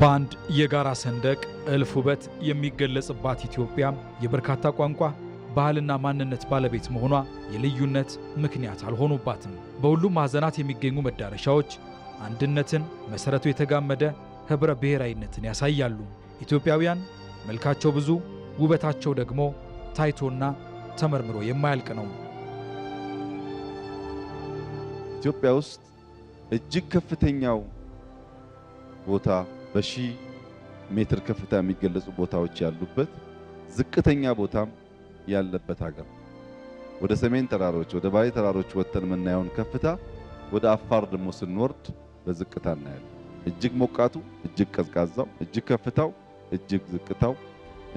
በአንድ የጋራ ሰንደቅ እልፍ ውበት የሚገለጽባት ኢትዮጵያ የበርካታ ቋንቋ ባህልና ማንነት ባለቤት መሆኗ የልዩነት ምክንያት አልሆኑባትም። በሁሉም ማዕዘናት የሚገኙ መዳረሻዎች አንድነትን መሠረቱ የተጋመደ ኅብረ ብሔራዊነትን ያሳያሉ። ኢትዮጵያውያን መልካቸው ብዙ፣ ውበታቸው ደግሞ ታይቶና ተመርምሮ የማያልቅ ነው። ኢትዮጵያ ውስጥ እጅግ ከፍተኛው ቦታ በሺህ ሜትር ከፍታ የሚገለጹ ቦታዎች ያሉበት ዝቅተኛ ቦታም ያለበት ሀገር ወደ ሰሜን ተራሮች ወደ ባሌ ተራሮች ወጥተን የምናየውን ከፍታ ወደ አፋር ደግሞ ስንወርድ በዝቅታ እናያለን። እጅግ ሞቃቱ፣ እጅግ ቀዝቃዛው፣ እጅግ ከፍታው፣ እጅግ ዝቅታው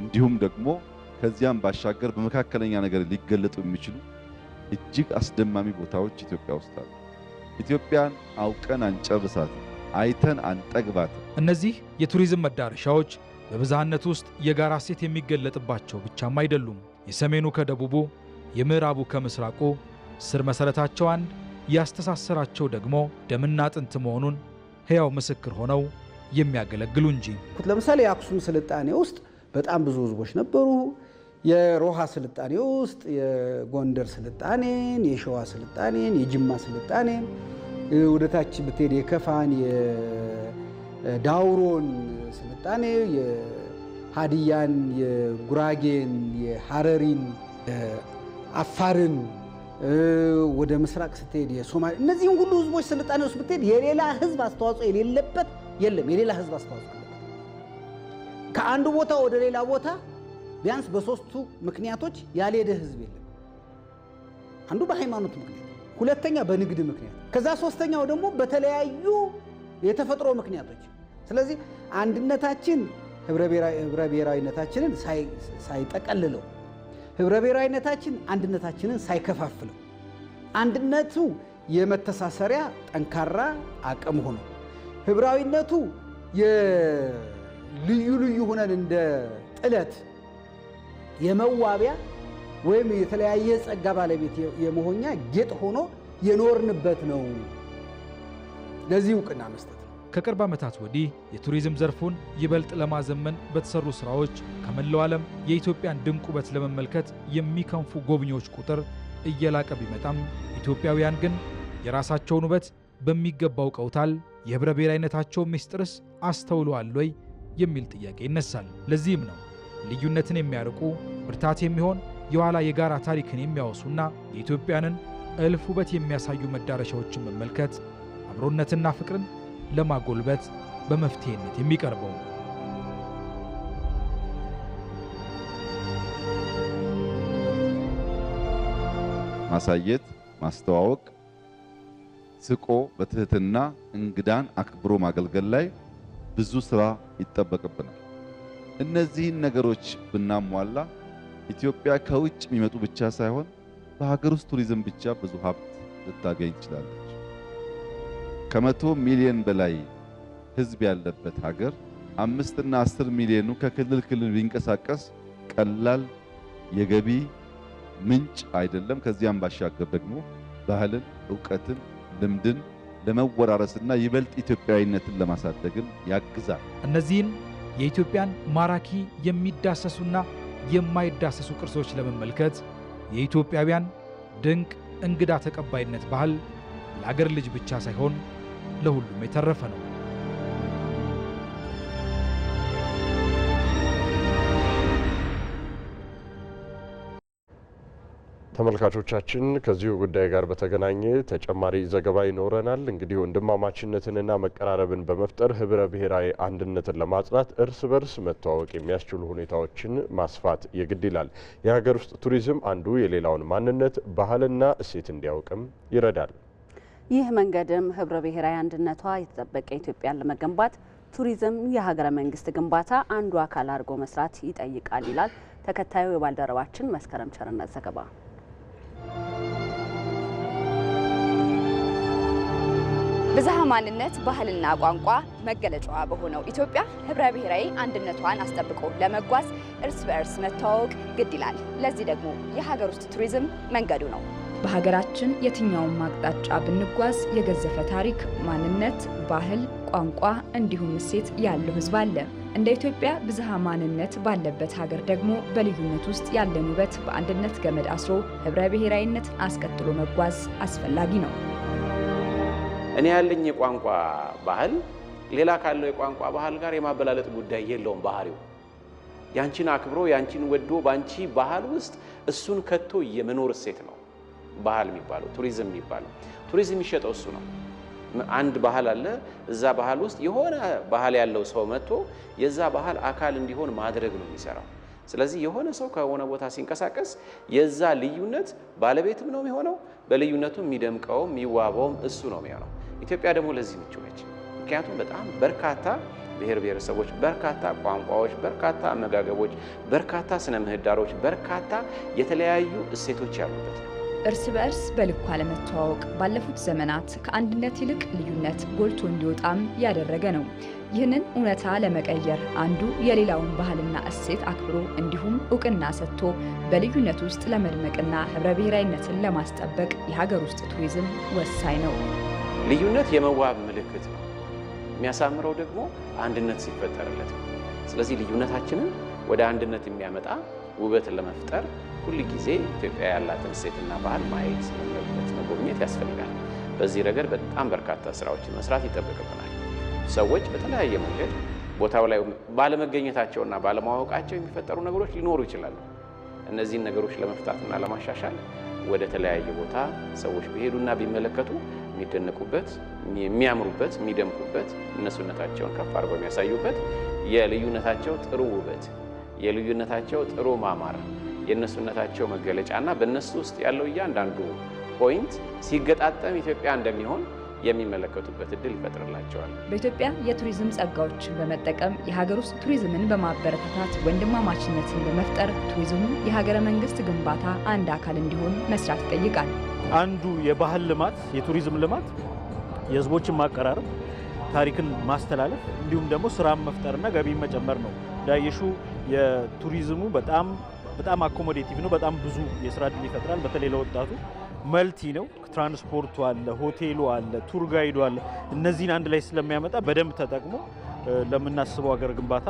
እንዲሁም ደግሞ ከዚያም ባሻገር በመካከለኛ ነገር ሊገለጡ የሚችሉ እጅግ አስደማሚ ቦታዎች ኢትዮጵያ ውስጥ አሉ። ኢትዮጵያን አውቀን አንጨርሳትን። አይተን አንጠግባት። እነዚህ የቱሪዝም መዳረሻዎች በብዝሃነት ውስጥ የጋራ ሴት የሚገለጥባቸው ብቻም አይደሉም። የሰሜኑ ከደቡቡ፣ የምዕራቡ ከምስራቁ ስር መሠረታቸው አንድ ያስተሳሰራቸው ደግሞ ደምና አጥንት መሆኑን ሕያው ምስክር ሆነው የሚያገለግሉ እንጂ። ለምሳሌ የአክሱም ስልጣኔ ውስጥ በጣም ብዙ ህዝቦች ነበሩ። የሮሃ ስልጣኔ ውስጥ የጎንደር ስልጣኔን፣ የሸዋ ስልጣኔን፣ የጅማ ስልጣኔን ወደታች ብትሄድ የከፋን፣ የዳውሮን ስልጣኔ፣ የሀዲያን፣ የጉራጌን፣ የሀረሪን፣ አፋርን ወደ ምስራቅ ስትሄድ የሶማሌ እነዚህም ሁሉ ህዝቦች ስልጣኔ ውስጥ ብትሄድ የሌላ ህዝብ አስተዋጽኦ የሌለበት የለም። የሌላ ህዝብ አስተዋጽኦ ከአንዱ ቦታ ወደ ሌላ ቦታ ቢያንስ በሶስቱ ምክንያቶች ያልሄደ ህዝብ የለም። አንዱ በሃይማኖት ምክንያት ሁለተኛ በንግድ ምክንያት፣ ከዛ ሶስተኛው ደግሞ በተለያዩ የተፈጥሮ ምክንያቶች። ስለዚህ አንድነታችን ህብረ ብሔራዊነታችንን ሳይጠቀልለው፣ ህብረ ብሔራዊነታችን አንድነታችንን ሳይከፋፍለው፣ አንድነቱ የመተሳሰሪያ ጠንካራ አቅም ሆኖ ህብራዊነቱ ልዩ ልዩ ሆነን እንደ ጥለት የመዋቢያ ወይም የተለያየ ጸጋ ባለቤት የመሆኛ ጌጥ ሆኖ የኖርንበት ነው። ለዚህ እውቅና መስጠት ነው። ከቅርብ ዓመታት ወዲህ የቱሪዝም ዘርፉን ይበልጥ ለማዘመን በተሰሩ ስራዎች ከመላው ዓለም የኢትዮጵያን ድንቅ ውበት ለመመልከት የሚከንፉ ጎብኚዎች ቁጥር እየላቀ ቢመጣም ኢትዮጵያውያን ግን የራሳቸውን ውበት በሚገባ አውቀውታል? የኅብረ ብሔራዊነታቸው ምስጢርስ አስተውለዋል ወይ? የሚል ጥያቄ ይነሳል። ለዚህም ነው ልዩነትን የሚያርቁ ብርታት የሚሆን የኋላ የጋራ ታሪክን የሚያወሱና የኢትዮጵያንን እልፍ ውበት የሚያሳዩ መዳረሻዎችን መመልከት አብሮነትና ፍቅርን ለማጎልበት በመፍትሄነት የሚቀርበው ማሳየት፣ ማስተዋወቅ፣ ስቆ በትህትና እንግዳን አክብሮ ማገልገል ላይ ብዙ ስራ ይጠበቅብናል። እነዚህን ነገሮች ብናሟላ ኢትዮጵያ ከውጭ የሚመጡ ብቻ ሳይሆን በሀገር ውስጥ ቱሪዝም ብቻ ብዙ ሀብት ልታገኝ ትችላለች። ከመቶ ሚሊዮን በላይ ህዝብ ያለበት ሀገር አምስትና አስር ሚሊዮኑ ከክልል ክልል ቢንቀሳቀስ ቀላል የገቢ ምንጭ አይደለም። ከዚያም ባሻገር ደግሞ ባህልን፣ እውቀትን፣ ልምድን ለመወራረስና ይበልጥ ኢትዮጵያዊነትን ለማሳደግን ያግዛል። እነዚህን የኢትዮጵያን ማራኪ የሚዳሰሱና የማይዳሰሱ ቅርሶች ለመመልከት የኢትዮጵያውያን ድንቅ እንግዳ ተቀባይነት ባህል ለአገር ልጅ ብቻ ሳይሆን ለሁሉም የተረፈ ነው። ተመልካቾቻችን ከዚሁ ጉዳይ ጋር በተገናኘ ተጨማሪ ዘገባ ይኖረናል። እንግዲህ ወንድማማችነትንና መቀራረብን በመፍጠር ህብረ ብሔራዊ አንድነትን ለማጽናት እርስ በርስ መተዋወቅ የሚያስችሉ ሁኔታዎችን ማስፋት የግድ ይላል። የሀገር ውስጥ ቱሪዝም አንዱ የሌላውን ማንነት ባህልና እሴት እንዲያውቅም ይረዳል። ይህ መንገድም ህብረ ብሔራዊ አንድነቷ የተጠበቀ ኢትዮጵያን ለመገንባት ቱሪዝም የሀገረ መንግስት ግንባታ አንዱ አካል አድርጎ መስራት ይጠይቃል ይላል ተከታዩ የባልደረባችን መስከረም ቸርነት ዘገባ ብዝሃ ማንነት ባህልና ቋንቋ መገለጫዋ በሆነው ኢትዮጵያ ህብረ ብሔራዊ አንድነቷን አስጠብቆ ለመጓዝ እርስ በእርስ መተዋወቅ ግድ ይላል። ለዚህ ደግሞ የሀገር ውስጥ ቱሪዝም መንገዱ ነው። በሀገራችን የትኛውም አቅጣጫ ብንጓዝ የገዘፈ ታሪክ፣ ማንነት፣ ባህል፣ ቋንቋ እንዲሁም እሴት ያለው ህዝብ አለ። እንደ ኢትዮጵያ ብዝሃ ማንነት ባለበት ሀገር ደግሞ በልዩነት ውስጥ ያለን ውበት በአንድነት ገመድ አስሮ ህብረ ብሔራዊነትን አስቀጥሎ መጓዝ አስፈላጊ ነው። እኔ ያለኝ የቋንቋ ባህል ሌላ ካለው የቋንቋ ባህል ጋር የማበላለጥ ጉዳይ የለውም። ባህሪው ያንቺን አክብሮ ያንቺን ወዶ በአንቺ ባህል ውስጥ እሱን ከቶ የመኖር እሴት ነው ባህል የሚባለው ቱሪዝም የሚባለው ቱሪዝም የሚሸጠው እሱ ነው። አንድ ባህል አለ። እዛ ባህል ውስጥ የሆነ ባህል ያለው ሰው መጥቶ የዛ ባህል አካል እንዲሆን ማድረግ ነው የሚሰራው። ስለዚህ የሆነ ሰው ከሆነ ቦታ ሲንቀሳቀስ የዛ ልዩነት ባለቤትም ነው የሚሆነው። በልዩነቱ የሚደምቀውም የሚዋበውም እሱ ነው የሚሆነው። ኢትዮጵያ ደግሞ ለዚህ ምቹ ነች። ምክንያቱም በጣም በርካታ ብሔር ብሔረሰቦች፣ በርካታ ቋንቋዎች፣ በርካታ አመጋገቦች፣ በርካታ ስነ ምህዳሮች፣ በርካታ የተለያዩ እሴቶች ያሉበት ነው። እርስ በእርስ በልኩ አለመተዋወቅ ባለፉት ዘመናት ከአንድነት ይልቅ ልዩነት ጎልቶ እንዲወጣም ያደረገ ነው። ይህንን እውነታ ለመቀየር አንዱ የሌላውን ባህልና እሴት አክብሮ እንዲሁም እውቅና ሰጥቶ በልዩነት ውስጥ ለመድመቅና ህብረ ብሔራዊነትን ለማስጠበቅ የሀገር ውስጥ ቱሪዝም ወሳኝ ነው። ልዩነት የመዋብ ምልክት ነው። የሚያሳምረው ደግሞ አንድነት ሲፈጠርለት ነው። ስለዚህ ልዩነታችንን ወደ አንድነት የሚያመጣ ውበትን ለመፍጠር ሁል ጊዜ ኢትዮጵያ ያላትን ሴትና ባህል ማየት መመልከት፣ መጎብኘት ያስፈልጋል። በዚህ ረገድ በጣም በርካታ ስራዎችን መስራት ይጠበቅብናል። ሰዎች በተለያየ መንገድ ቦታው ላይ ባለመገኘታቸውና ባለማወቃቸው የሚፈጠሩ ነገሮች ሊኖሩ ይችላሉ። እነዚህን ነገሮች ለመፍታትና ለማሻሻል ወደ ተለያየ ቦታ ሰዎች ቢሄዱና ቢመለከቱ የሚደነቁበት፣ የሚያምሩበት፣ የሚደምቁበት እነሱነታቸውን ከፍ አድርገው የሚያሳዩበት የልዩነታቸው ጥሩ ውበት፣ የልዩነታቸው ጥሩ ማማር፣ የእነሱነታቸው መገለጫ እና በእነሱ ውስጥ ያለው እያንዳንዱ ፖይንት ሲገጣጠም ኢትዮጵያ እንደሚሆን የሚመለከቱበት እድል ይፈጥርላቸዋል። በኢትዮጵያ የቱሪዝም ጸጋዎችን በመጠቀም የሀገር ውስጥ ቱሪዝምን በማበረታታት ወንድማማችነትን በመፍጠር ቱሪዝሙ የሀገረ መንግስት ግንባታ አንድ አካል እንዲሆን መስራት ይጠይቃል። አንዱ የባህል ልማት የቱሪዝም ልማት የህዝቦችን ማቀራረብ፣ ታሪክን ማስተላለፍ እንዲሁም ደግሞ ስራን መፍጠርና ገቢ መጨመር ነው። ዳየሹ የቱሪዝሙ በጣም በጣም አኮሞዴቲቭ ነው። በጣም ብዙ የስራ እድል ይፈጥራል። በተለይ ለወጣቱ መልቲ ነው። ትራንስፖርቱ አለ፣ ሆቴሉ አለ፣ ቱር ጋይዱ አለ። እነዚህን አንድ ላይ ስለሚያመጣ በደንብ ተጠቅሞ ለምናስበው ሀገር ግንባታ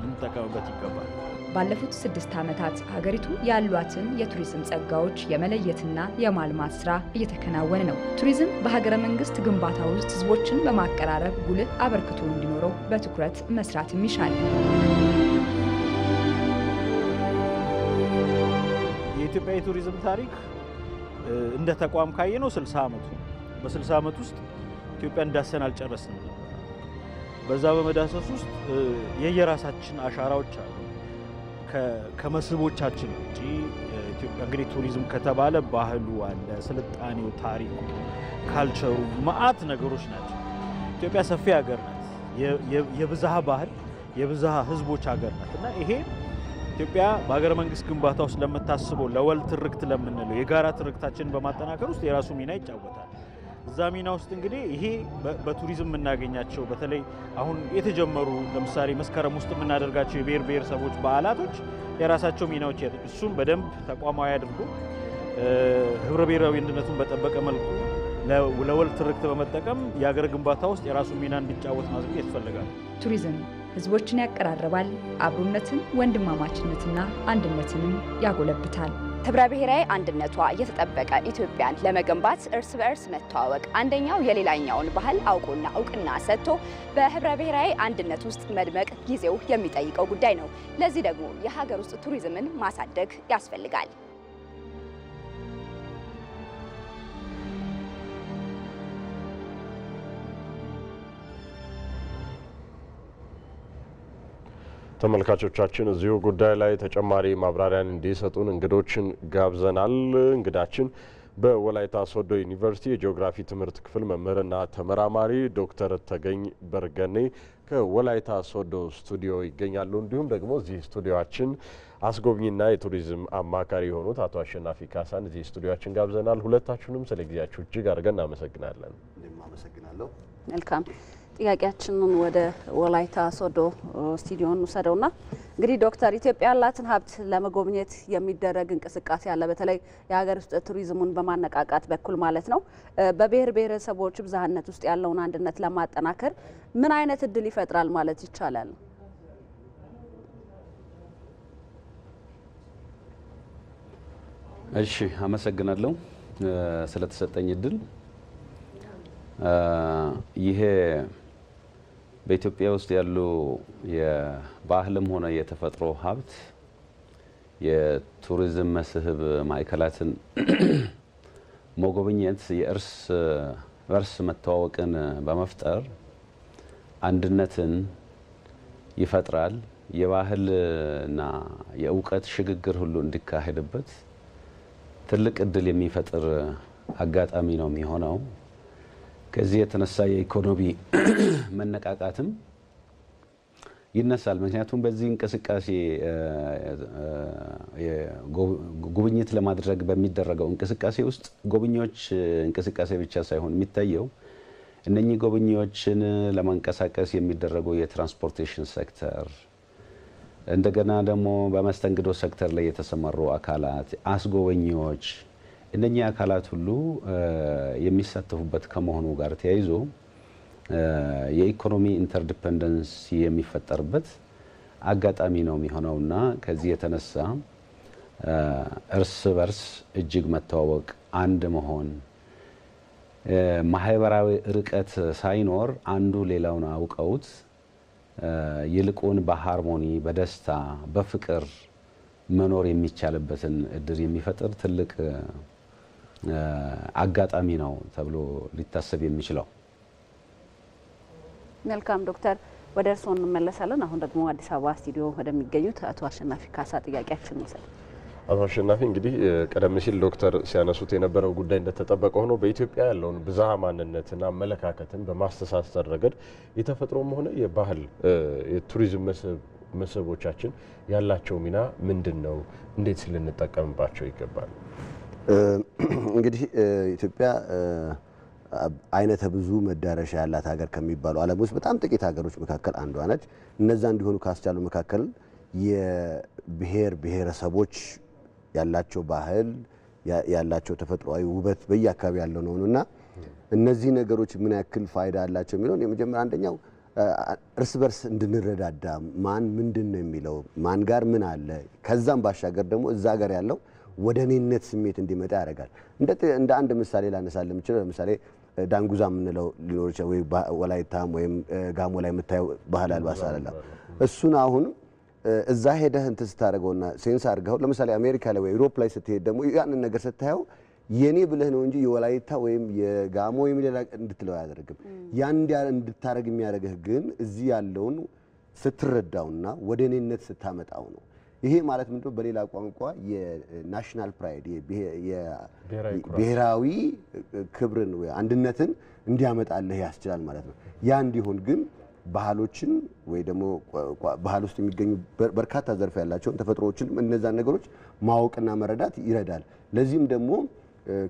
ልንጠቀምበት ይገባል። ባለፉት ስድስት ዓመታት ሀገሪቱ ያሏትን የቱሪዝም ጸጋዎች የመለየትና የማልማት ስራ እየተከናወነ ነው። ቱሪዝም በሀገረ መንግስት ግንባታ ውስጥ ህዝቦችን በማቀራረብ ጉልህ አበርክቶ እንዲኖረው በትኩረት መስራትም ይሻል። የኢትዮጵያ የቱሪዝም ታሪክ እንደ ተቋም ካየ ነው 60 ዓመቱ። በ60 ዓመት ውስጥ ኢትዮጵያ እንዳሰን አልጨረስንም። በዛ በመዳሰስ ውስጥ የየራሳችን አሻራዎች አሉ። ከመስህቦቻችን ውጪ ኢትዮጵያ እንግዲህ ቱሪዝም ከተባለ ባህሉ አለ፣ ስልጣኔው፣ ታሪኩ፣ ካልቸሩ ማአት ነገሮች ናቸው። ኢትዮጵያ ሰፊ ሀገር ናት። የብዝሃ ባህል የብዝሃ ህዝቦች ሀገር ናት እና ይሄ ኢትዮጵያ በሀገር መንግስት ግንባታ ውስጥ ለምታስበው ለወል ትርክት ለምንለው የጋራ ትርክታችንን በማጠናከር ውስጥ የራሱ ሚና ይጫወታል። እዛ ሚና ውስጥ እንግዲህ ይሄ በቱሪዝም የምናገኛቸው በተለይ አሁን የተጀመሩ ለምሳሌ መስከረም ውስጥ የምናደርጋቸው የብሔር ብሔረሰቦች በዓላቶች የራሳቸው ሚናዎች እሱም በደንብ ተቋማዊ አድርጎ ህብረ ብሔራዊ አንድነቱን በጠበቀ መልኩ ለወል ትርክት በመጠቀም የሀገር ግንባታ ውስጥ የራሱን ሚና እንዲጫወት ማድረግ ይፈልጋል። ቱሪዝም ህዝቦችን ያቀራርባል፣ አብሮነትን፣ ወንድማማችነትና አንድነትንም ያጎለብታል። ህብረ ብሔራዊ አንድነቷ የተጠበቀ ኢትዮጵያን ለመገንባት እርስ በእርስ መተዋወቅ አንደኛው የሌላኛውን ባህል አውቁና እውቅና ሰጥቶ በህብረ ብሔራዊ አንድነት ውስጥ መድመቅ ጊዜው የሚጠይቀው ጉዳይ ነው። ለዚህ ደግሞ የሀገር ውስጥ ቱሪዝምን ማሳደግ ያስፈልጋል። ተመልካቾቻችን እዚሁ ጉዳይ ላይ ተጨማሪ ማብራሪያን እንዲሰጡን እንግዶችን ጋብዘናል። እንግዳችን በወላይታ ሶዶ ዩኒቨርሲቲ የጂኦግራፊ ትምህርት ክፍል መምህርና ተመራማሪ ዶክተር ተገኝ በርገኔ ከወላይታ ሶዶ ስቱዲዮ ይገኛሉ። እንዲሁም ደግሞ እዚህ ስቱዲዮችን አስጎብኝና የቱሪዝም አማካሪ የሆኑት አቶ አሸናፊ ካሳን እዚህ ስቱዲዮችን ጋብዘናል። ሁለታችሁንም ስለ ጊዜያችሁ እጅግ አድርገን እናመሰግናለን። አመሰግናለሁ። መልካም ጥያቄያችንን ወደ ወላይታ ሶዶ ስቱዲዮ ና እንግዲህ ዶክተር ኢትዮጵያ ያላትን ሀብት ለመጎብኘት የሚደረግ እንቅስቃሴ አለ። በተለይ የሀገር ውስጥ ቱሪዝሙን በማነቃቃት በኩል ማለት ነው። በብሔር ብሔረሰቦች ብዝሃነት ውስጥ ያለውን አንድነት ለማጠናከር ምን አይነት እድል ይፈጥራል ማለት ይቻላል? እሺ፣ አመሰግናለሁ ስለተሰጠኝ እድል ይሄ በኢትዮጵያ ውስጥ ያሉ የባህልም ሆነ የተፈጥሮ ሀብት የቱሪዝም መስህብ ማዕከላትን መጎብኘት የእርስ በርስ መተዋወቅን በመፍጠር አንድነትን ይፈጥራል። የባህልና የእውቀት ሽግግር ሁሉ እንዲካሄድበት ትልቅ እድል የሚፈጥር አጋጣሚ ነው የሚሆነው። ከዚህ የተነሳ የኢኮኖሚ መነቃቃትም ይነሳል። ምክንያቱም በዚህ እንቅስቃሴ ጉብኝት ለማድረግ በሚደረገው እንቅስቃሴ ውስጥ ጎብኚዎች እንቅስቃሴ ብቻ ሳይሆን የሚታየው እነኚህ ጎብኚዎችን ለማንቀሳቀስ የሚደረጉ የትራንስፖርቴሽን ሴክተር፣ እንደገና ደግሞ በመስተንግዶ ሴክተር ላይ የተሰማሩ አካላት፣ አስጎበኚዎች እነኚህ አካላት ሁሉ የሚሳተፉበት ከመሆኑ ጋር ተያይዞ የኢኮኖሚ ኢንተርዲፐንደንስ የሚፈጠርበት አጋጣሚ ነው የሚሆነውና ከዚህ የተነሳ እርስ በርስ እጅግ መተዋወቅ፣ አንድ መሆን፣ ማህበራዊ ርቀት ሳይኖር አንዱ ሌላውን አውቀውት ይልቁን በሃርሞኒ በደስታ በፍቅር መኖር የሚቻልበትን እድር የሚፈጥር ትልቅ አጋጣሚ ነው ተብሎ ሊታሰብ የሚችለው። መልካም ዶክተር፣ ወደ እርስዎ እንመለሳለን። አሁን ደግሞ አዲስ አበባ ስቱዲዮ ወደሚገኙት አቶ አሸናፊ ካሳ ጥያቄያችን መውሰድ አቶ አሸናፊ እንግዲህ ቀደም ሲል ዶክተር ሲያነሱት የነበረው ጉዳይ እንደተጠበቀ ሆኖ በኢትዮጵያ ያለውን ብዝሃ ማንነትና አመለካከትን በማስተሳሰር ረገድ የተፈጥሮም ሆነ የባህል የቱሪዝም መስህቦቻችን ያላቸው ሚና ምንድን ነው? እንዴት ስልንጠቀምባቸው ይገባል? እንግዲህ ኢትዮጵያ አይነተ ብዙ መዳረሻ ያላት ሀገር ከሚባሉ ዓለም ውስጥ በጣም ጥቂት ሀገሮች መካከል አንዷ ነች። እነዛ እንዲሆኑ ካስቻሉ መካከል የብሔር ብሔረሰቦች ያላቸው ባህል ያላቸው ተፈጥሯዊ ውበት በየአካባቢ ያለው ነው እና እነዚህ ነገሮች ምን ያክል ፋይዳ አላቸው የሚለውን የመጀመሪያ አንደኛው እርስ በርስ እንድንረዳዳ ማን ምንድን ነው የሚለው ማን ጋር ምን አለ ከዛም ባሻገር ደግሞ እዛ ሀገር ያለው ወደ እኔነት ስሜት እንዲመጣ ያደርጋል። እንደ አንድ ምሳሌ ላነሳ ለምችለው ለምሳሌ ዳንጉዛ የምንለው ሊኖር ይችላል፣ ወይ ወላይታም ወይም ጋሞ ላይ የምታየው ባህል አልባስ አለ። እሱን አሁን እዛ ሄደህ እንትን ስታደርገውና ሴንስ አድርገው ለምሳሌ አሜሪካ ላይ ወይ ዩሮፕ ላይ ስትሄድ ደግሞ ያንን ነገር ስታየው የኔ ብለህ ነው እንጂ የወላይታ ወይም የጋሞ ወይም ሌላ እንድትለው አያደርግም። ያን እንድታደርግ የሚያደርግህ ግን እዚህ ያለውን ስትረዳውና ወደ እኔነት ስታመጣው ነው። ይሄ ማለት ምንድን ነው? በሌላ ቋንቋ የናሽናል ፕራይድ ብሔራዊ ክብርን አንድነትን እንዲያመጣልህ ያስችላል ማለት ነው። ያ እንዲሆን ግን ባህሎችን ወይ ደግሞ ባህል ውስጥ የሚገኙ በርካታ ዘርፍ ያላቸውን ተፈጥሮዎችን እነዛን ነገሮች ማወቅና መረዳት ይረዳል። ለዚህም ደግሞ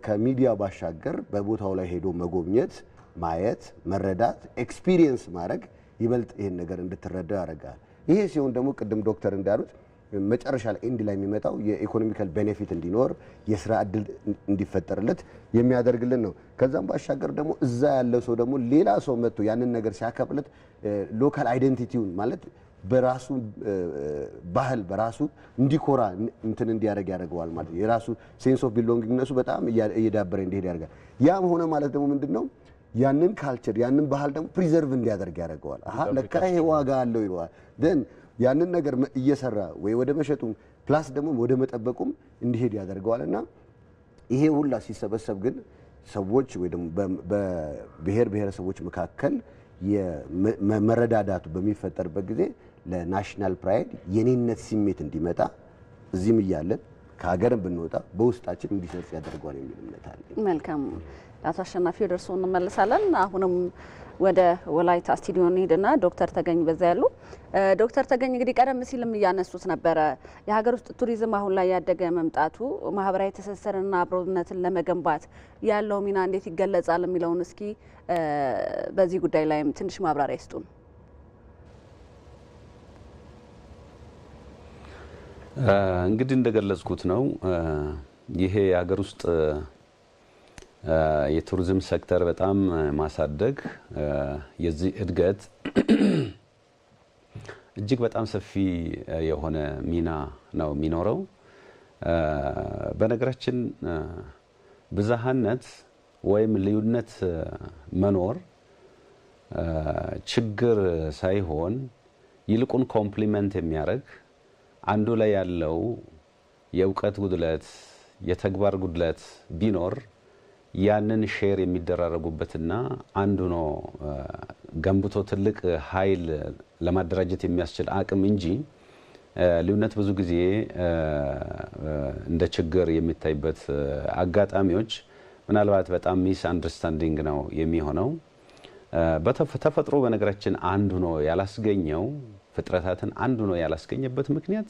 ከሚዲያ ባሻገር በቦታው ላይ ሄዶ መጎብኘት፣ ማየት፣ መረዳት፣ ኤክስፒሪየንስ ማድረግ ይበልጥ ይህን ነገር እንድትረዳው ያደርጋል። ይሄ ሲሆን ደግሞ ቅድም ዶክተር እንዳሉት መጨረሻ ላይ ኤንድ ላይ የሚመጣው የኢኮኖሚካል ቤኔፊት እንዲኖር የስራ እድል እንዲፈጠርለት የሚያደርግልን ነው። ከዛም ባሻገር ደግሞ እዛ ያለው ሰው ደግሞ ሌላ ሰው መጥቶ ያንን ነገር ሲያከብለት ሎካል አይደንቲቲውን ማለት በራሱ ባህል በራሱ እንዲኮራ እንትን እንዲያደርግ ያደርገዋል ማለት የራሱ ሴንስ ኦፍ ቢሎንጊንግነሱ በጣም እየዳበረ እንዲሄድ ያደርጋል። ያም ሆነ ማለት ደግሞ ምንድን ነው ያንን ካልቸር ያንን ባህል ደግሞ ፕሪዘርቭ እንዲያደርግ ያደርገዋል። ለካ ይሄ ዋጋ አለው ይለዋል። ን ያንን ነገር እየሰራ ወይ ወደ መሸጡም ፕላስ ደግሞ ወደ መጠበቁም እንዲሄድ ያደርገዋል እና ይሄ ሁላ ሲሰበሰብ ግን ሰዎች ወይ ደግሞ በብሔር ብሔረሰቦች መካከል መረዳዳቱ በሚፈጠርበት ጊዜ ለናሽናል ፕራይድ የኔነት ስሜት እንዲመጣ እዚህም እያለን ከሀገርም ብንወጣ በውስጣችን እንዲሰርጽ ያደርገዋል የሚል እምነት አለ። መልካም ለአቶ አሸናፊ ወደ እርስዎ እንመለሳለን። አሁንም ወደ ወላይታ ስቱዲዮ እንሄድና ዶክተር ተገኝ በዛ ያሉ ዶክተር ተገኝ እንግዲህ ቀደም ሲልም እያነሱት ነበረ የሀገር ውስጥ ቱሪዝም አሁን ላይ ያደገ መምጣቱ ማህበራዊ ትስስርና አብሮነትን ለመገንባት ያለው ሚና እንዴት ይገለጻል የሚለውን እስኪ በዚህ ጉዳይ ላይም ትንሽ ማብራሪያ ይስጡን። እንግዲህ እንደገለጽኩት ነው ይሄ የሀገር ውስጥ የቱሪዝም ሴክተር በጣም ማሳደግ የዚህ እድገት እጅግ በጣም ሰፊ የሆነ ሚና ነው የሚኖረው። በነገራችን ብዝሃነት ወይም ልዩነት መኖር ችግር ሳይሆን ይልቁን ኮምፕሊመንት የሚያደርግ አንዱ ላይ ያለው የእውቀት ጉድለት፣ የተግባር ጉድለት ቢኖር ያንን ሼር የሚደራረጉበትና አንዱ ነው ገንብቶ ትልቅ ኃይል ለማደራጀት የሚያስችል አቅም እንጂ ልዩነት ብዙ ጊዜ እንደ ችግር የሚታይበት አጋጣሚዎች ምናልባት በጣም ሚስ አንደርስታንዲንግ ነው የሚሆነው። ተፈጥሮ በነገራችን አንዱ ነው ያላስገኘው ፍጥረታትን አንዱ ነው ያላስገኘበት ምክንያት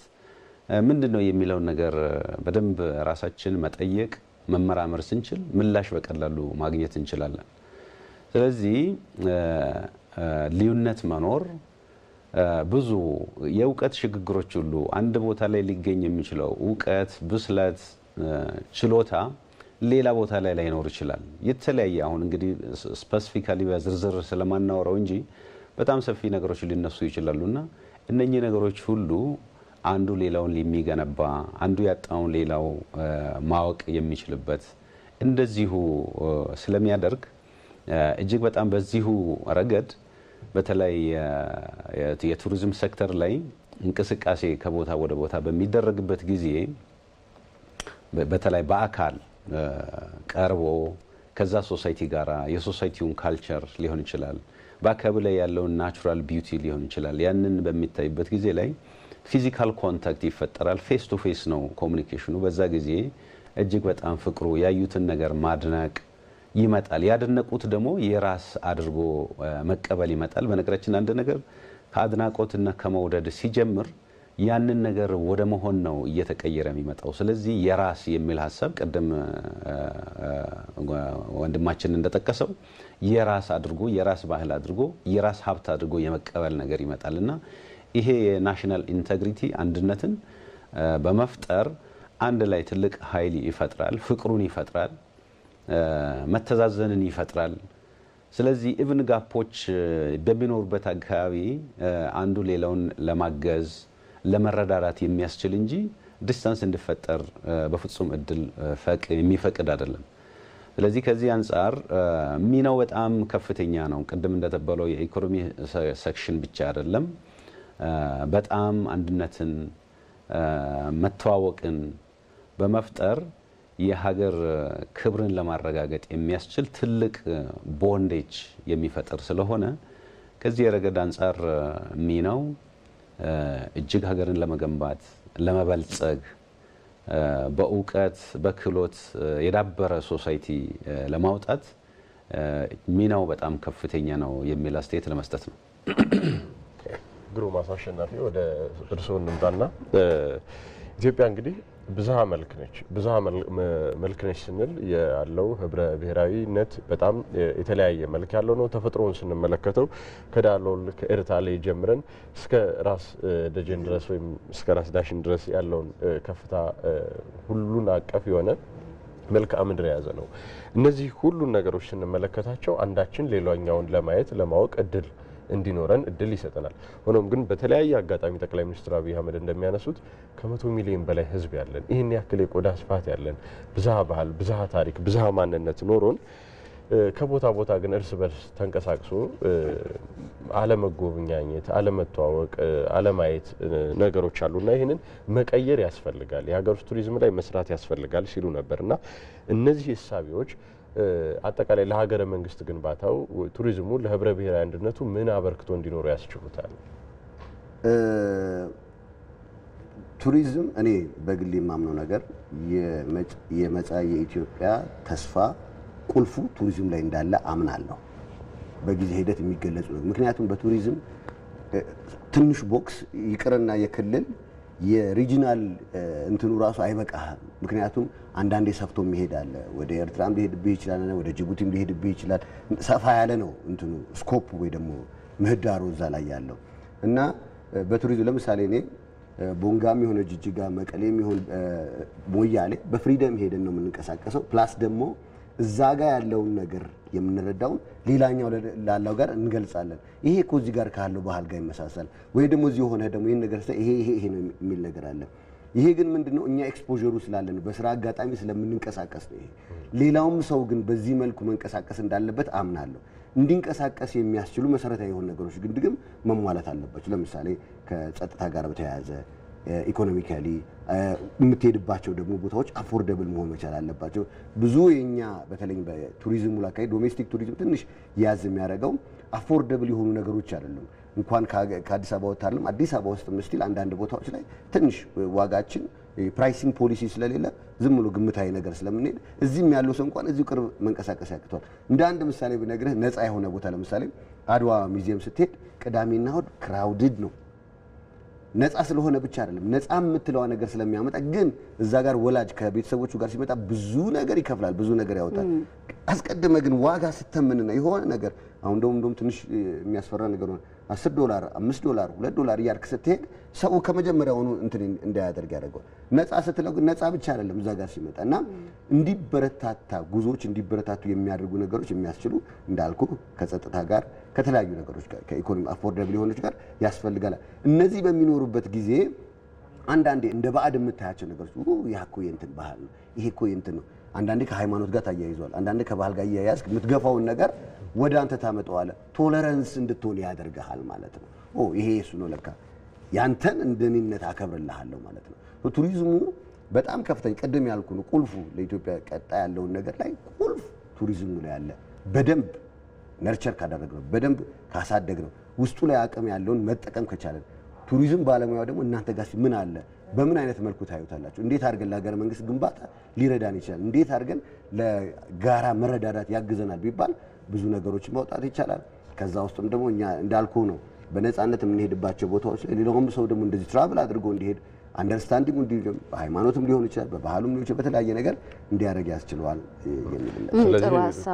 ምንድን ነው የሚለውን ነገር በደንብ ራሳችን መጠየቅ መመራመር ስንችል ምላሽ በቀላሉ ማግኘት እንችላለን። ስለዚህ ልዩነት መኖር ብዙ የእውቀት ሽግግሮች ሁሉ አንድ ቦታ ላይ ሊገኝ የሚችለው እውቀት፣ ብስለት፣ ችሎታ ሌላ ቦታ ላይ ላይኖር ይችላል። የተለያየ አሁን እንግዲህ ስፐሲፊካሊ በዝርዝር ስለማናወረው እንጂ በጣም ሰፊ ነገሮች ሊነሱ ይችላሉና እነኚህ ነገሮች ሁሉ አንዱ ሌላውን የሚገነባ አንዱ ያጣውን ሌላው ማወቅ የሚችልበት እንደዚሁ ስለሚያደርግ እጅግ በጣም በዚሁ ረገድ በተለይ የቱሪዝም ሴክተር ላይ እንቅስቃሴ ከቦታ ወደ ቦታ በሚደረግበት ጊዜ በተለይ በአካል ቀርቦ ከዛ ሶሳይቲ ጋራ የሶሳይቲውን ካልቸር ሊሆን ይችላል፣ በአካባቢ ላይ ያለውን ናቹራል ቢዩቲ ሊሆን ይችላል። ያንን በሚታይበት ጊዜ ላይ ፊዚካል ኮንታክት ይፈጠራል። ፌስ ቱ ፌስ ነው ኮሚኒኬሽኑ። በዛ ጊዜ እጅግ በጣም ፍቅሩ ያዩትን ነገር ማድነቅ ይመጣል። ያደነቁት ደግሞ የራስ አድርጎ መቀበል ይመጣል። በነገራችን አንድ ነገር ከአድናቆትና ከመውደድ ሲጀምር ያንን ነገር ወደ መሆን ነው እየተቀየረ የሚመጣው። ስለዚህ የራስ የሚል ሀሳብ ቅድም ወንድማችን እንደጠቀሰው የራስ አድርጎ የራስ ባህል አድርጎ የራስ ሀብት አድርጎ የመቀበል ነገር ይመጣል እና ይሄ የናሽናል ኢንተግሪቲ አንድነትን በመፍጠር አንድ ላይ ትልቅ ኃይል ይፈጥራል፣ ፍቅሩን ይፈጥራል፣ መተዛዘንን ይፈጥራል። ስለዚህ ኢቭን ጋፖች በሚኖሩበት አካባቢ አንዱ ሌላውን ለማገዝ ለመረዳዳት የሚያስችል እንጂ ዲስታንስ እንዲፈጠር በፍጹም እድል የሚፈቅድ አይደለም። ስለዚህ ከዚህ አንጻር ሚናው በጣም ከፍተኛ ነው። ቅድም እንደተበለው የኢኮኖሚ ሴክሽን ብቻ አይደለም። በጣም አንድነትን፣ መተዋወቅን በመፍጠር የሀገር ክብርን ለማረጋገጥ የሚያስችል ትልቅ ቦንዴጅ የሚፈጥር ስለሆነ ከዚህ የረገድ አንጻር ሚናው እጅግ ሀገርን ለመገንባት ለመበልጸግ በእውቀት በክህሎት የዳበረ ሶሳይቲ ለማውጣት ሚናው በጣም ከፍተኛ ነው የሚል አስተያየት ለመስጠት ነው። ግሩም አሸናፊ ወደ እርስዎ እንምጣና ኢትዮጵያ እንግዲህ ብዝሃ መልክ ነች። ብዝሃ መልክ ነች ስንል ያለው ህብረ ብሔራዊነት በጣም የተለያየ መልክ ያለው ነው። ተፈጥሮውን ስንመለከተው ከዳሎል ከኤርታሌ ጀምረን እስከ ራስ ደጀን ድረስ ወይም እስከ ራስ ዳሽን ድረስ ያለውን ከፍታ ሁሉን አቀፍ የሆነ መልክዓ ምድር የያዘ ነው። እነዚህ ሁሉን ነገሮች ስንመለከታቸው አንዳችን ሌላኛውን ለማየት ለማወቅ እድል እንዲኖረን እድል ይሰጠናል። ሆኖም ግን በተለያየ አጋጣሚ ጠቅላይ ሚኒስትር አብይ አህመድ እንደሚያነሱት ከመቶ ሚሊዮን በላይ ህዝብ ያለን ይህን ያክል የቆዳ ስፋት ያለን ብዝሃ ባህል፣ ብዝሃ ታሪክ፣ ብዝሃ ማንነት ኖሮን ከቦታ ቦታ ግን እርስ በርስ ተንቀሳቅሶ አለመጎብኛኘት፣ አለመተዋወቅ፣ አለማየት ነገሮች አሉና ይህንን መቀየር ያስፈልጋል፣ የሀገር ውስጥ ቱሪዝም ላይ መስራት ያስፈልጋል ሲሉ ነበር እና እነዚህ እሳቢዎች አጠቃላይ ለሀገረ መንግስት ግንባታው ቱሪዝሙ ለህብረ ብሔራዊ አንድነቱ ምን አበርክቶ እንዲኖሩ ያስችሉታል? ቱሪዝም እኔ በግል የማምነው ነገር የመጻ የኢትዮጵያ ተስፋ ቁልፉ ቱሪዝም ላይ እንዳለ አምናለሁ። በጊዜ ሂደት የሚገለጹ ነው። ምክንያቱም በቱሪዝም ትንሽ ቦክስ ይቅርና የክልል የሪጂናል እንትኑ ራሱ አይበቃህም። ምክንያቱም አንዳንዴ ሰፍቶ የሚሄድ አለ። ወደ ኤርትራም ሊሄድብህ ይችላል፣ ወደ ጅቡቲም ሊሄድብህ ይችላል። ሰፋ ያለ ነው እንትኑ ስኮፕ ወይ ደግሞ ምህዳሩ እዛ ላይ ያለው እና በቱሪዝም ለምሳሌ እኔ ቦንጋም የሆነ ጅጅጋ፣ መቀሌም ይሆን ሞያሌ በፍሪደም ሄደን ነው የምንንቀሳቀሰው። ፕላስ ደግሞ እዛ ጋር ያለውን ነገር የምንረዳውን ሌላኛው ላለው ጋር እንገልጻለን። ይሄ እኮ እዚህ ጋር ካለው ባህል ጋር ይመሳሰል ወይ ደግሞ እዚህ የሆነ ደግሞ ይህን ነገር ይሄ ይሄ ይሄ ነው የሚል ነገር አለን። ይሄ ግን ምንድን ነው እኛ ኤክስፖሩ ነው፣ በስራ አጋጣሚ ስለምንንቀሳቀስ ነው። ይሄ ሌላውም ሰው ግን በዚህ መልኩ መንቀሳቀስ እንዳለበት አምናለሁ። እንዲንቀሳቀስ የሚያስችሉ መሰረታዊ የሆኑ ነገሮች ግን ድግም መሟላት አለባቸው። ለምሳሌ ከጸጥታ ጋር በተያያዘ ኢኮኖሚካሊ የምትሄድባቸው ደግሞ ቦታዎች አፎርደብል መሆን መቻል አለባቸው። ብዙ የኛ በተለይ በቱሪዝሙ ላይ ዶሜስቲክ ቱሪዝም ትንሽ ያዝ የሚያደርገው አፎርደብል የሆኑ ነገሮች አይደሉም። እንኳን ከአዲስ አበባ ወታለም አዲስ አበባ ውስጥ ምስል አንዳንድ ቦታዎች ላይ ትንሽ ዋጋችን ፕራይሲንግ ፖሊሲ ስለሌለ ዝም ብሎ ግምታዊ ነገር ስለምንሄድ እዚህም ያለው ሰው እንኳን እዚሁ ቅርብ መንቀሳቀስ ያቅቷል። እንደ አንድ ምሳሌ ብነግርህ ነፃ የሆነ ቦታ ለምሳሌ አድዋ ሚዚየም ስትሄድ ቅዳሜና እሑድ ክራውድድ ነው። ነፃ ስለሆነ ብቻ አይደለም። ነፃ የምትለዋ ነገር ስለሚያመጣ ግን እዛ ጋር ወላጅ ከቤተሰቦቹ ጋር ሲመጣ ብዙ ነገር ይከፍላል፣ ብዙ ነገር ያወጣል። አስቀድመ ግን ዋጋ ስተምንና የሆነ ነገር አሁን እንደውም እንደውም ትንሽ የሚያስፈራ ነገር ሆነ 10 ዶላር 5 ዶላር 2 ዶላር እያርክ ስትሄድ ሰው ከመጀመሪያውኑ እንትን እንዳያደርግ ያደርገዋል። ነፃ ስትለው ነፃ ብቻ አይደለም እዛ ጋር ሲመጣ እና እንዲበረታታ ጉዞዎች እንዲበረታቱ የሚያደርጉ ነገሮች የሚያስችሉ እንዳልኩ ከጸጥታ ጋር ከተለያዩ ነገሮች ጋር ከኢኮኖሚ አፎርደብል የሆነች ጋር ያስፈልጋል። እነዚህ በሚኖሩበት ጊዜ አንዳንዴ እንደ ባዕድ የምታያቸው ነገሮች ይህ እኮ የእንትን ባህል ነው፣ ይሄ እኮ የእንትን ነው። አንዳንዴ ከሃይማኖት ጋር ታያይዟል፣ አንዳንዴ ከባህል ጋር እያያዝክ የምትገፋውን ነገር ወደ አንተ ታመጣዋለህ። ቶለረንስ እንድትሆን ያደርግሃል ማለት ነው። ኦ ይሄ እሱ ነው ለካ ያንተን እንደኔነት አከብርልሃለሁ ማለት ነው። ቱሪዝሙ በጣም ከፍተኛ ቅድም ያልኩ ነው ቁልፉ ለኢትዮጵያ ቀጣ ያለውን ነገር ላይ ቁልፍ ቱሪዝሙ ላይ ያለ በደንብ ነርቸር ካደረግ ነው በደንብ ካሳደግ ነው ውስጡ ላይ አቅም ያለውን መጠቀም ከቻለን ቱሪዝም ባለሙያው ደግሞ እናንተ ጋር ምን አለ በምን አይነት መልኩ ታዩታላችሁ? እንዴት አድርገን ለሀገር መንግስት ግንባታ ሊረዳን ይችላል? እንዴት አድርገን ለጋራ መረዳዳት ያግዘናል ቢባል ብዙ ነገሮች ማውጣት ይቻላል። ከዛ ውስጥም ደግሞ እኛ እንዳልኩ ነው በነፃነት የምንሄድባቸው ቦታዎች ላይ ሌላውም ሰው ደግሞ እንደዚህ ትራቭል አድርጎ እንዲሄድ አንደርስታንዲንግ እንዲሁም በሃይማኖትም ሊሆን ይችላል፣ በባህሉም ሊሆን ይችላል፣ በተለያየ ነገር እንዲያደርግ ያስችለዋል የሚልለት። ስለዚህ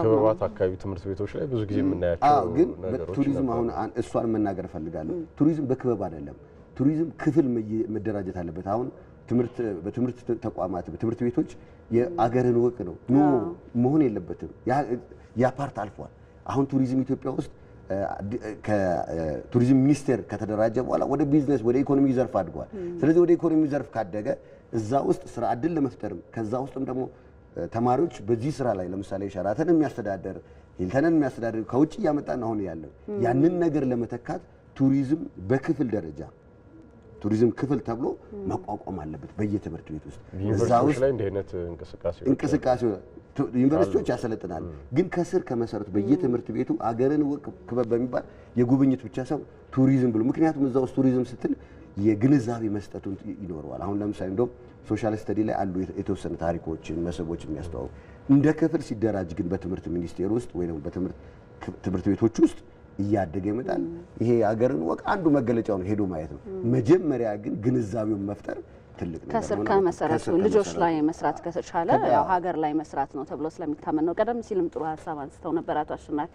ክብባት አካባቢ ትምህርት ቤቶች ላይ ብዙ ጊዜ የምናያቸው ግን ቱሪዝም አሁን እሷን መናገር እፈልጋለሁ። ቱሪዝም በክበብ አይደለም። ቱሪዝም ክፍል መደራጀት አለበት። አሁን ትምህርት በትምህርት ተቋማት በትምህርት ቤቶች የአገርን ወቅ ነው ኖ መሆን የለበትም ያ ፓርት አልፏል። አሁን ቱሪዝም ኢትዮጵያ ውስጥ ከቱሪዝም ሚኒስቴር ከተደራጀ በኋላ ወደ ቢዝነስ ወደ ኢኮኖሚ ዘርፍ አድጓል። ስለዚህ ወደ ኢኮኖሚ ዘርፍ ካደገ እዛ ውስጥ ስራ እድል ለመፍጠርም ከዛ ውስጥም ደግሞ ተማሪዎች በዚህ ስራ ላይ ለምሳሌ ሸራተን የሚያስተዳደር ሂልተንን የሚያስተዳደር ከውጭ እያመጣን አሁን ያለው ያንን ነገር ለመተካት ቱሪዝም በክፍል ደረጃ ቱሪዝም ክፍል ተብሎ መቋቋም አለበት በየትምህርት ቤት ውስጥ እዛ ውስጥ እንቅስቃሴ ዩኒቨርሲቲዎች ያሰለጥናል፣ ግን ከስር ከመሰረቱ በየትምህርት ቤቱ አገርን ወቅ ክበብ በሚባል የጉብኝት ብቻ ሰው ቱሪዝም ብሎ ምክንያቱም እዛ ውስጥ ቱሪዝም ስትል የግንዛቤ መስጠቱን ይኖረዋል። አሁን ለምሳሌ እንደውም ሶሻል ስተዲ ላይ አሉ የተወሰነ ታሪኮችን መስህቦች የሚያስተዋውቅ እንደ ክፍል ሲደራጅ ግን በትምህርት ሚኒስቴር ውስጥ ወይ ደግሞ በትምህርት ቤቶች ውስጥ እያደገ ይመጣል። ይሄ አገርን ወቅ አንዱ መገለጫው ነው ሄዶ ማየት ነው። መጀመሪያ ግን ግንዛቤውን መፍጠር ትልቅ ከስር ከመሰረቱ ልጆች ላይ መስራት ከተቻለ ሀገር ላይ መስራት ነው ተብሎ ስለሚታመን ነው። ቀደም ሲልም ጥሩ ሀሳብ አንስተው ነበር አቶ አሸናፊ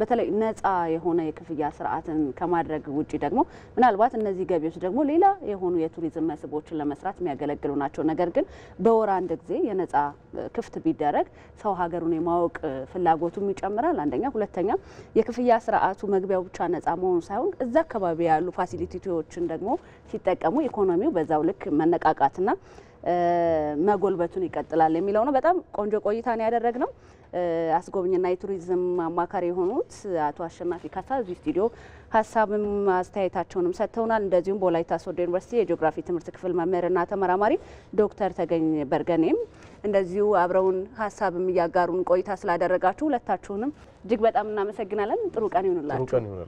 በተለይ ነፃ የሆነ የክፍያ ስርዓትን ከማድረግ ውጭ ደግሞ ምናልባት እነዚህ ገቢዎች ደግሞ ሌላ የሆኑ የቱሪዝም መስህቦችን ለመስራት የሚያገለግሉ ናቸው። ነገር ግን በወር አንድ ጊዜ የነፃ ክፍት ቢደረግ ሰው ሀገሩን የማወቅ ፍላጎቱም ይጨምራል። አንደኛ፣ ሁለተኛ የክፍያ ስርዓቱ መግቢያው ብቻ ነፃ መሆኑ ሳይሆን እዛ አካባቢ ያሉ ፋሲሊቲዎችን ደግሞ ሲጠቀሙ ኢኮኖሚው በዛው ልክ መነቃቃትና መጎልበቱን ይቀጥላል የሚለው ነው። በጣም ቆንጆ ቆይታን ያደረግ ነው። አስጎብኝና የቱሪዝም አማካሪ የሆኑት አቶ አሸናፊ ካሳ እዚህ ስቱዲዮ ሀሳብም አስተያየታቸውንም ሰጥተውናል። እንደዚሁም በወላይታ ሶዶ ዩኒቨርሲቲ የጂኦግራፊ ትምህርት ክፍል መምህርና ተመራማሪ ዶክተር ተገኝ በርገኔም እንደዚሁ አብረውን ሀሳብም እያጋሩን ቆይታ ስላደረጋችሁ ሁለታችሁንም እጅግ በጣም እናመሰግናለን። ጥሩ ቀን ይሆንላችሁ።